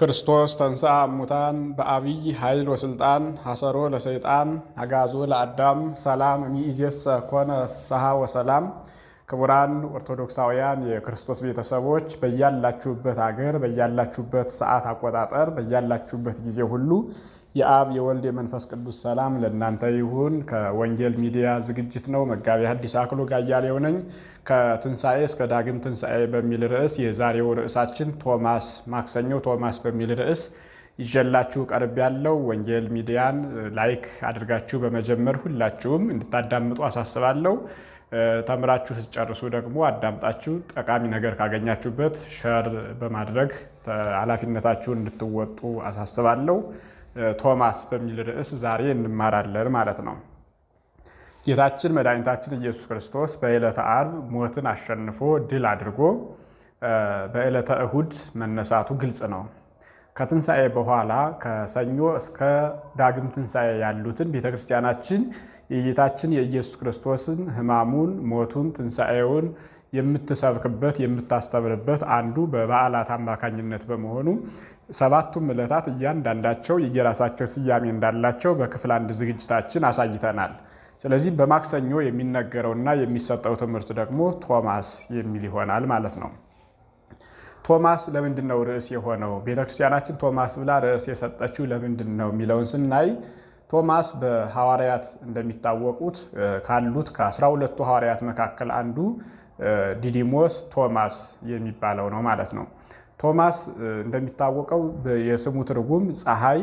ክርስቶስ ተንሥአ እሙታን በአብይ ኃይል ወስልጣን ሀሰሮ ለሰይጣን አጋዞ ለአዳም ሰላም እምይእዜሰ ኮነ ፍስሐ ወሰላም። ክቡራን ኦርቶዶክሳውያን የክርስቶስ ቤተሰቦች በያላችሁበት አገር በያላችሁበት ሰዓት አቆጣጠር በያላችሁበት ጊዜ ሁሉ የአብ የወልድ የመንፈስ ቅዱስ ሰላም ለእናንተ ይሁን። ከወንጌል ሚዲያ ዝግጅት ነው። መጋቢ ሐዲስ አክሎግ አያሌው ነኝ። ከትንሣኤ እስከ ዳግም ትንሣኤ በሚል ርዕስ የዛሬው ርዕሳችን ቶማስ ማክሰኞ ቶማስ በሚል ርዕስ ይዤላችሁ ቀርብ ያለው ወንጌል ሚዲያን ላይክ አድርጋችሁ በመጀመር ሁላችሁም እንድታዳምጡ አሳስባለሁ። ተምራችሁ ስትጨርሱ ደግሞ አዳምጣችሁ ጠቃሚ ነገር ካገኛችሁበት ሸር በማድረግ ኃላፊነታችሁን እንድትወጡ አሳስባለሁ። ቶማስ በሚል ርዕስ ዛሬ እንማራለን ማለት ነው። ጌታችን መድኃኒታችን ኢየሱስ ክርስቶስ በዕለተ ዓርብ ሞትን አሸንፎ ድል አድርጎ በዕለተ እሁድ መነሳቱ ግልጽ ነው። ከትንሣኤ በኋላ ከሰኞ እስከ ዳግም ትንሣኤ ያሉትን ቤተ ክርስቲያናችን የጌታችን የኢየሱስ ክርስቶስን ሕማሙን፣ ሞቱን፣ ትንሣኤውን የምትሰብክበት የምታስተምርበት አንዱ በበዓላት አማካኝነት በመሆኑ ሰባቱም ዕለታት እያንዳንዳቸው የየራሳቸው ስያሜ እንዳላቸው በክፍል አንድ ዝግጅታችን አሳይተናል። ስለዚህ በማክሰኞ የሚነገረውና የሚሰጠው ትምህርት ደግሞ ቶማስ የሚል ይሆናል ማለት ነው። ቶማስ ለምንድን ነው ርዕስ የሆነው? ቤተክርስቲያናችን ቶማስ ብላ ርዕስ የሰጠችው ለምንድን ነው የሚለውን ስናይ ቶማስ በሐዋርያት እንደሚታወቁት ካሉት ከአስራ ሁለቱ ሐዋርያት መካከል አንዱ ዲዲሞስ ቶማስ የሚባለው ነው ማለት ነው። ቶማስ እንደሚታወቀው የስሙ ትርጉም ፀሐይ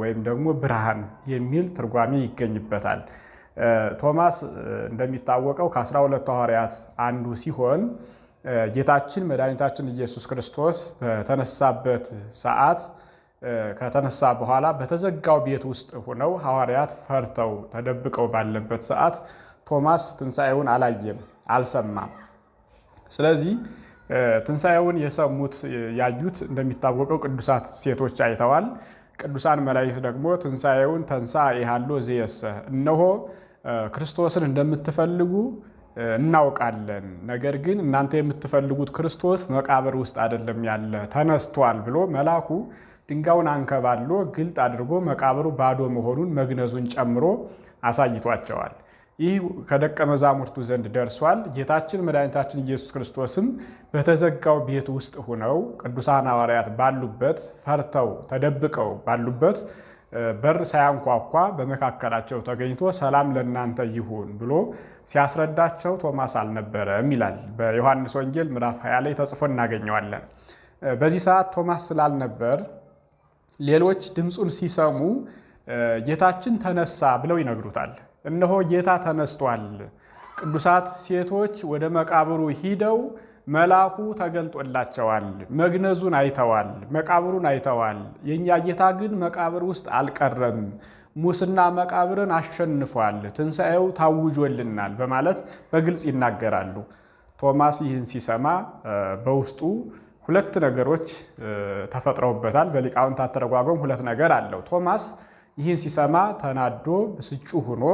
ወይም ደግሞ ብርሃን የሚል ትርጓሜ ይገኝበታል። ቶማስ እንደሚታወቀው ከአስራ ሁለቱ ሐዋርያት አንዱ ሲሆን ጌታችን መድኃኒታችን ኢየሱስ ክርስቶስ በተነሳበት ሰዓት ከተነሳ በኋላ በተዘጋው ቤት ውስጥ ሆነው ሐዋርያት ፈርተው ተደብቀው ባለበት ሰዓት ቶማስ ትንሣኤውን አላየም፣ አልሰማም። ስለዚህ ትንሣኤውን የሰሙት ያዩት እንደሚታወቀው ቅዱሳት ሴቶች አይተዋል። ቅዱሳን መላእክት ደግሞ ትንሣኤውን ተንሳ ይሃሎ ዘየሰ እነሆ ክርስቶስን እንደምትፈልጉ እናውቃለን፣ ነገር ግን እናንተ የምትፈልጉት ክርስቶስ መቃብር ውስጥ አይደለም ያለ ተነስቷል ብሎ መልአኩ ድንጋዩን አንከባሎ ግልጥ አድርጎ መቃብሩ ባዶ መሆኑን መግነዙን ጨምሮ አሳይቷቸዋል። ይህ ከደቀ መዛሙርቱ ዘንድ ደርሷል። ጌታችን መድኃኒታችን ኢየሱስ ክርስቶስም በተዘጋው ቤት ውስጥ ሆነው ቅዱሳን ሐዋርያት ባሉበት ፈርተው ተደብቀው ባሉበት በር ሳያንኳኳ በመካከላቸው ተገኝቶ ሰላም ለእናንተ ይሁን ብሎ ሲያስረዳቸው ቶማስ አልነበረም ይላል። በዮሐንስ ወንጌል ምዕራፍ 20 ላይ ተጽፎ እናገኘዋለን። በዚህ ሰዓት ቶማስ ስላልነበር ሌሎች ድምፁን ሲሰሙ ጌታችን ተነሳ ብለው ይነግሩታል። እነሆ ጌታ ተነስቷል። ቅዱሳት ሴቶች ወደ መቃብሩ ሂደው መልአኩ ተገልጦላቸዋል። መግነዙን አይተዋል፣ መቃብሩን አይተዋል። የእኛ ጌታ ግን መቃብር ውስጥ አልቀረም፣ ሙስና መቃብርን አሸንፏል፣ ትንሣኤው ታውጆልናል በማለት በግልጽ ይናገራሉ። ቶማስ ይህን ሲሰማ በውስጡ ሁለት ነገሮች ተፈጥረውበታል። በሊቃውንት አተረጓጎም ሁለት ነገር አለው ቶማስ ይህን ሲሰማ ተናዶ ብስጩ ሆኖ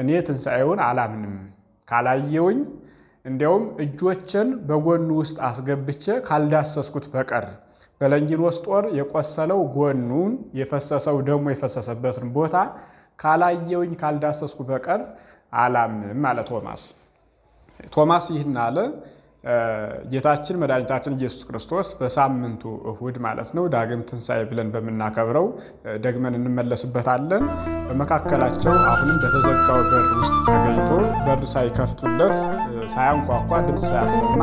እኔ ትንሣኤውን አላምንም ካላየውኝ እንዲያውም እጆችን በጎኑ ውስጥ አስገብቼ ካልዳሰስኩት በቀር በለንጊኖስ ጦር የቆሰለው ጎኑን የፈሰሰው ደግሞ የፈሰሰበትን ቦታ ካላየውኝ ካልዳሰስኩ በቀር አላምንም አለ ቶማስ። ቶማስ ይህን አለ። ጌታችን መድኃኒታችን ኢየሱስ ክርስቶስ በሳምንቱ እሁድ ማለት ነው ዳግም ትንሣኤ ብለን በምናከብረው ደግመን እንመለስበታለን። በመካከላቸው አሁንም በተዘጋው በር ውስጥ ተገኝቶ በር ሳይከፍቱለት ሳያንኳኳ ድምፅ ሳያሰማ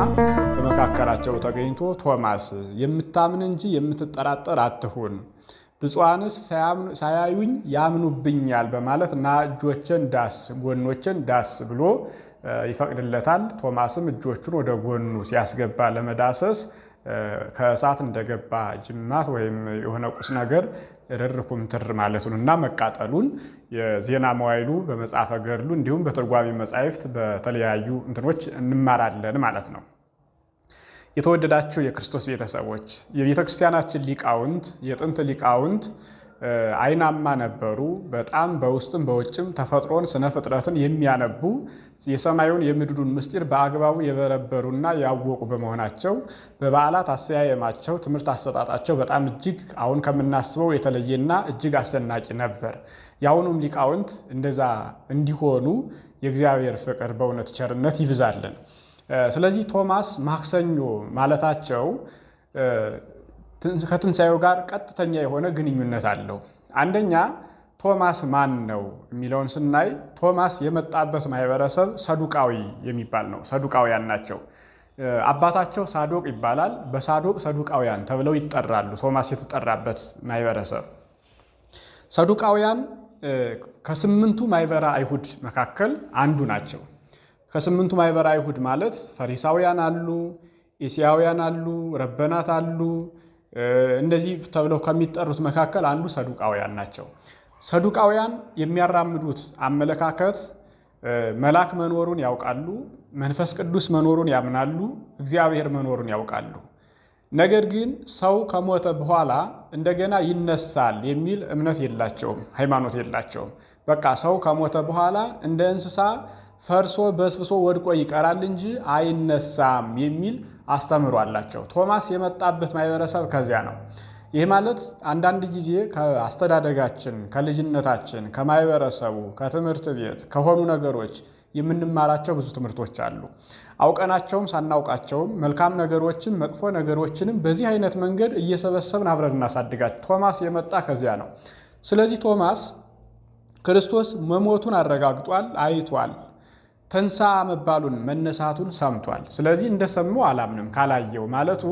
በመካከላቸው ተገኝቶ ቶማስ የምታምን እንጂ የምትጠራጠር አትሁን ብፁዓንስ ሳያዩኝ ያምኑብኛል በማለት ና እጆችን ዳስ፣ ጎኖችን ዳስ ብሎ ይፈቅድለታል። ቶማስም እጆቹን ወደ ጎኑ ሲያስገባ ለመዳሰስ ከእሳት እንደገባ ጅማት ወይም የሆነ ቁስ ነገር ርር ኩምትር ማለቱን እና መቃጠሉን የዜና መዋይሉ በመጽሐፈ ገድሉ እንዲሁም በተርጓሚ መጻሕፍት በተለያዩ እንትኖች እንማራለን ማለት ነው። የተወደዳችሁ የክርስቶስ ቤተሰቦች የቤተ ክርስቲያናችን ሊቃውንት የጥንት ሊቃውንት አይናማ ነበሩ። በጣም በውስጥም በውጭም ተፈጥሮን ስነ ፍጥረትን የሚያነቡ የሰማዩን የምድሩን ምስጢር በአግባቡ የበረበሩና ያወቁ በመሆናቸው በበዓላት አሰያየማቸው፣ ትምህርት አሰጣጣቸው በጣም እጅግ አሁን ከምናስበው የተለየና እጅግ አስደናቂ ነበር። የአሁኑም ሊቃውንት እንደዛ እንዲሆኑ የእግዚአብሔር ፍቅር በእውነት ቸርነት ይብዛልን። ስለዚህ ቶማስ ማክሰኞ ማለታቸው ከትንሣኤው ጋር ቀጥተኛ የሆነ ግንኙነት አለው። አንደኛ ቶማስ ማን ነው የሚለውን ስናይ ቶማስ የመጣበት ማህበረሰብ ሰዱቃዊ የሚባል ነው። ሰዱቃውያን ናቸው። አባታቸው ሳዶቅ ይባላል። በሳዶቅ ሰዱቃውያን ተብለው ይጠራሉ። ቶማስ የተጠራበት ማህበረሰብ ሰዱቃውያን ከስምንቱ ማይበራ አይሁድ መካከል አንዱ ናቸው። ከስምንቱ ማኅበረ አይሁድ ማለት ፈሪሳውያን አሉ፣ ኤሲያውያን አሉ፣ ረበናት አሉ። እንደዚህ ተብለው ከሚጠሩት መካከል አንዱ ሰዱቃውያን ናቸው። ሰዱቃውያን የሚያራምዱት አመለካከት መልአክ መኖሩን ያውቃሉ፣ መንፈስ ቅዱስ መኖሩን ያምናሉ፣ እግዚአብሔር መኖሩን ያውቃሉ። ነገር ግን ሰው ከሞተ በኋላ እንደገና ይነሳል የሚል እምነት የላቸውም፣ ሃይማኖት የላቸውም። በቃ ሰው ከሞተ በኋላ እንደ እንስሳ ፈርሶ በስብሶ ወድቆ ይቀራል እንጂ አይነሳም የሚል አስተምሮ አላቸው። ቶማስ የመጣበት ማህበረሰብ ከዚያ ነው። ይህ ማለት አንዳንድ ጊዜ ከአስተዳደጋችን፣ ከልጅነታችን፣ ከማህበረሰቡ፣ ከትምህርት ቤት ከሆኑ ነገሮች የምንማራቸው ብዙ ትምህርቶች አሉ። አውቀናቸውም ሳናውቃቸውም መልካም ነገሮችን መጥፎ ነገሮችንም በዚህ አይነት መንገድ እየሰበሰብን አብረን እናሳድጋቸው። ቶማስ የመጣ ከዚያ ነው። ስለዚህ ቶማስ ክርስቶስ መሞቱን አረጋግጧል፣ አይቷል ተንሳ መባሉን መነሳቱን ሰምቷል። ስለዚህ እንደሰሙ አላምንም ካላየው ማለቱ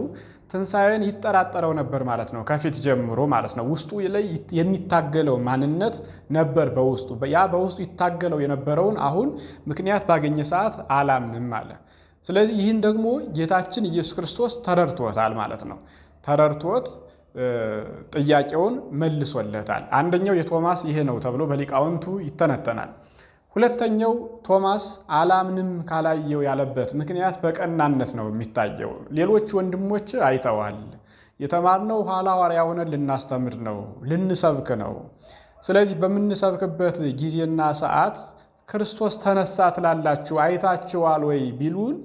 ትንሣኤን ይጠራጠረው ነበር ማለት ነው። ከፊት ጀምሮ ማለት ነው። ውስጡ ላይ የሚታገለው ማንነት ነበር በውስጡ ያ በውስጡ ይታገለው የነበረውን አሁን ምክንያት ባገኘ ሰዓት አላምንም አለ። ስለዚህ ይህን ደግሞ ጌታችን ኢየሱስ ክርስቶስ ተረድቶታል ማለት ነው። ተረድቶት ጥያቄውን መልሶለታል። አንደኛው የቶማስ ይሄ ነው ተብሎ በሊቃውንቱ ይተነተናል። ሁለተኛው ቶማስ አላምንም ካላየው ያለበት ምክንያት በቀናነት ነው የሚታየው። ሌሎች ወንድሞች አይተዋል። የተማርነው ኋላ ሐዋርያ ሆነን ልናስተምር ነው፣ ልንሰብክ ነው። ስለዚህ በምንሰብክበት ጊዜና ሰዓት ክርስቶስ ተነሳ ትላላችሁ አይታችኋል ወይ ቢሉን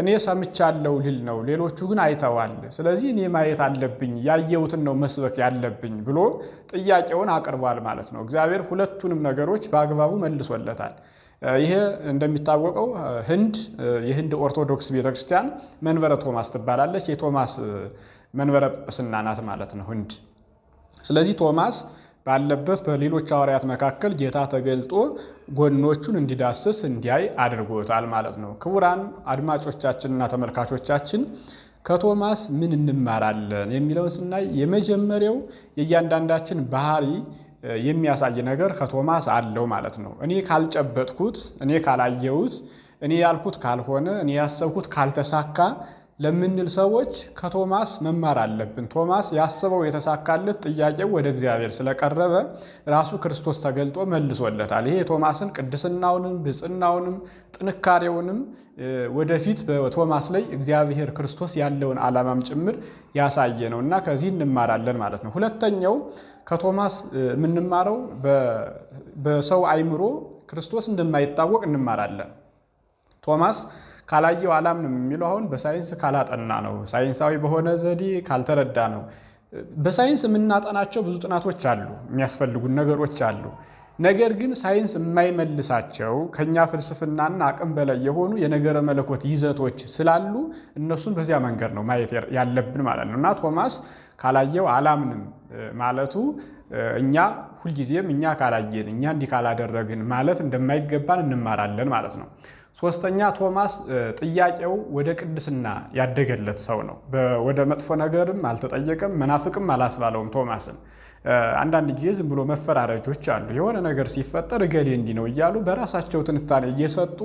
እኔ ሰምቻለሁ ልል ነው፣ ሌሎቹ ግን አይተዋል። ስለዚህ እኔ ማየት አለብኝ፣ ያየሁትን ነው መስበክ ያለብኝ ብሎ ጥያቄውን አቅርቧል ማለት ነው። እግዚአብሔር ሁለቱንም ነገሮች በአግባቡ መልሶለታል። ይሄ እንደሚታወቀው ህንድ የህንድ ኦርቶዶክስ ቤተክርስቲያን መንበረ ቶማስ ትባላለች። የቶማስ መንበረ ጵጵስና ናት ማለት ነው ህንድ። ስለዚህ ቶማስ ባለበት በሌሎች ሐዋርያት መካከል ጌታ ተገልጦ ጎኖቹን እንዲዳስስ እንዲያይ አድርጎታል ማለት ነው። ክቡራን አድማጮቻችንና ተመልካቾቻችን ከቶማስ ምን እንማራለን የሚለውን ስናይ የመጀመሪያው የእያንዳንዳችን ባህሪ የሚያሳይ ነገር ከቶማስ አለው ማለት ነው። እኔ ካልጨበጥኩት፣ እኔ ካላየሁት፣ እኔ ያልኩት ካልሆነ፣ እኔ ያሰብኩት ካልተሳካ ለምንል ሰዎች ከቶማስ መማር አለብን። ቶማስ ያስበው የተሳካለት ጥያቄው ወደ እግዚአብሔር ስለቀረበ ራሱ ክርስቶስ ተገልጦ መልሶለታል። ይሄ የቶማስን ቅድስናውንም ብፅናውንም ጥንካሬውንም ወደፊት በቶማስ ላይ እግዚአብሔር ክርስቶስ ያለውን ዓላማም ጭምር ያሳየ ነው እና ከዚህ እንማራለን ማለት ነው። ሁለተኛው ከቶማስ የምንማረው በሰው አይምሮ ክርስቶስ እንደማይታወቅ እንማራለን። ቶማስ ካላየው አላምንም የሚለው አሁን በሳይንስ ካላጠና ነው፣ ሳይንሳዊ በሆነ ዘዴ ካልተረዳ ነው። በሳይንስ የምናጠናቸው ብዙ ጥናቶች አሉ፣ የሚያስፈልጉን ነገሮች አሉ። ነገር ግን ሳይንስ የማይመልሳቸው ከኛ ፍልስፍናና አቅም በላይ የሆኑ የነገረ መለኮት ይዘቶች ስላሉ እነሱን በዚያ መንገድ ነው ማየት ያለብን ማለት ነው እና ቶማስ ካላየው አላምንም ማለቱ እኛ ሁልጊዜም እኛ ካላየን እኛ እንዲህ ካላደረግን ማለት እንደማይገባን እንማራለን ማለት ነው። ሶስተኛ ቶማስ ጥያቄው ወደ ቅድስና ያደገለት ሰው ነው። ወደ መጥፎ ነገርም አልተጠየቀም፣ መናፍቅም አላስባለውም ቶማስን። አንዳንድ ጊዜ ዝም ብሎ መፈራረጆች አሉ። የሆነ ነገር ሲፈጠር እገሌ እንዲህ ነው እያሉ በራሳቸው ትንታኔ እየሰጡ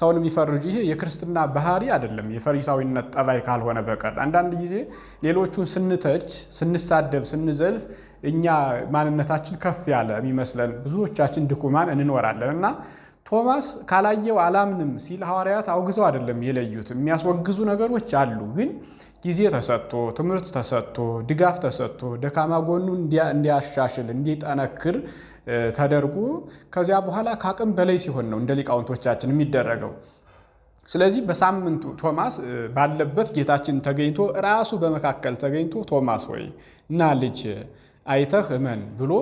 ሰውን የሚፈርጁ፣ ይሄ የክርስትና ባህሪ አይደለም፣ የፈሪሳዊነት ጠባይ ካልሆነ በቀር። አንዳንድ ጊዜ ሌሎቹን ስንተች፣ ስንሳደብ፣ ስንዘልፍ እኛ ማንነታችን ከፍ ያለ የሚመስለን ብዙዎቻችን ድኩማን እንኖራለን እና ቶማስ ካላየው አላምንም ሲል ሐዋርያት አውግዘው አይደለም የለዩት። የሚያስወግዙ ነገሮች አሉ። ግን ጊዜ ተሰጥቶ ትምህርት ተሰጥቶ ድጋፍ ተሰጥቶ ደካማ ጎኑ እንዲያሻሽል እንዲጠነክር ተደርጎ ከዚያ በኋላ ከአቅም በላይ ሲሆን ነው እንደ ሊቃውንቶቻችን የሚደረገው። ስለዚህ በሳምንቱ ቶማስ ባለበት ጌታችን ተገኝቶ ራሱ በመካከል ተገኝቶ ቶማስ ወይ እና ልጅ አይተህ እመን ብሎ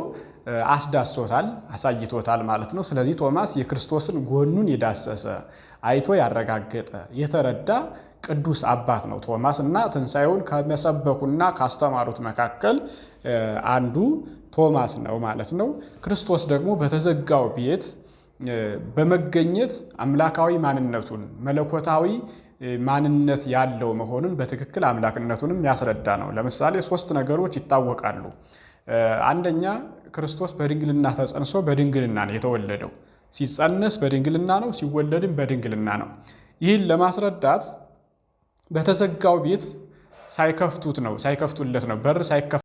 አስዳሶታል፣ አሳይቶታል ማለት ነው። ስለዚህ ቶማስ የክርስቶስን ጎኑን የዳሰሰ አይቶ ያረጋገጠ የተረዳ ቅዱስ አባት ነው ቶማስ እና ትንሣኤውን ከመሰበኩና ካስተማሩት መካከል አንዱ ቶማስ ነው ማለት ነው። ክርስቶስ ደግሞ በተዘጋው ቤት በመገኘት አምላካዊ ማንነቱን መለኮታዊ ማንነት ያለው መሆኑን በትክክል አምላክነቱንም ያስረዳ ነው። ለምሳሌ ሶስት ነገሮች ይታወቃሉ። አንደኛ ክርስቶስ በድንግልና ተጸንሶ በድንግልና ነው የተወለደው። ሲጸንስ በድንግልና ነው፣ ሲወለድም በድንግልና ነው። ይህን ለማስረዳት በተዘጋው ቤት ሳይከፍቱት ነው ሳይከፍቱለት ነው በር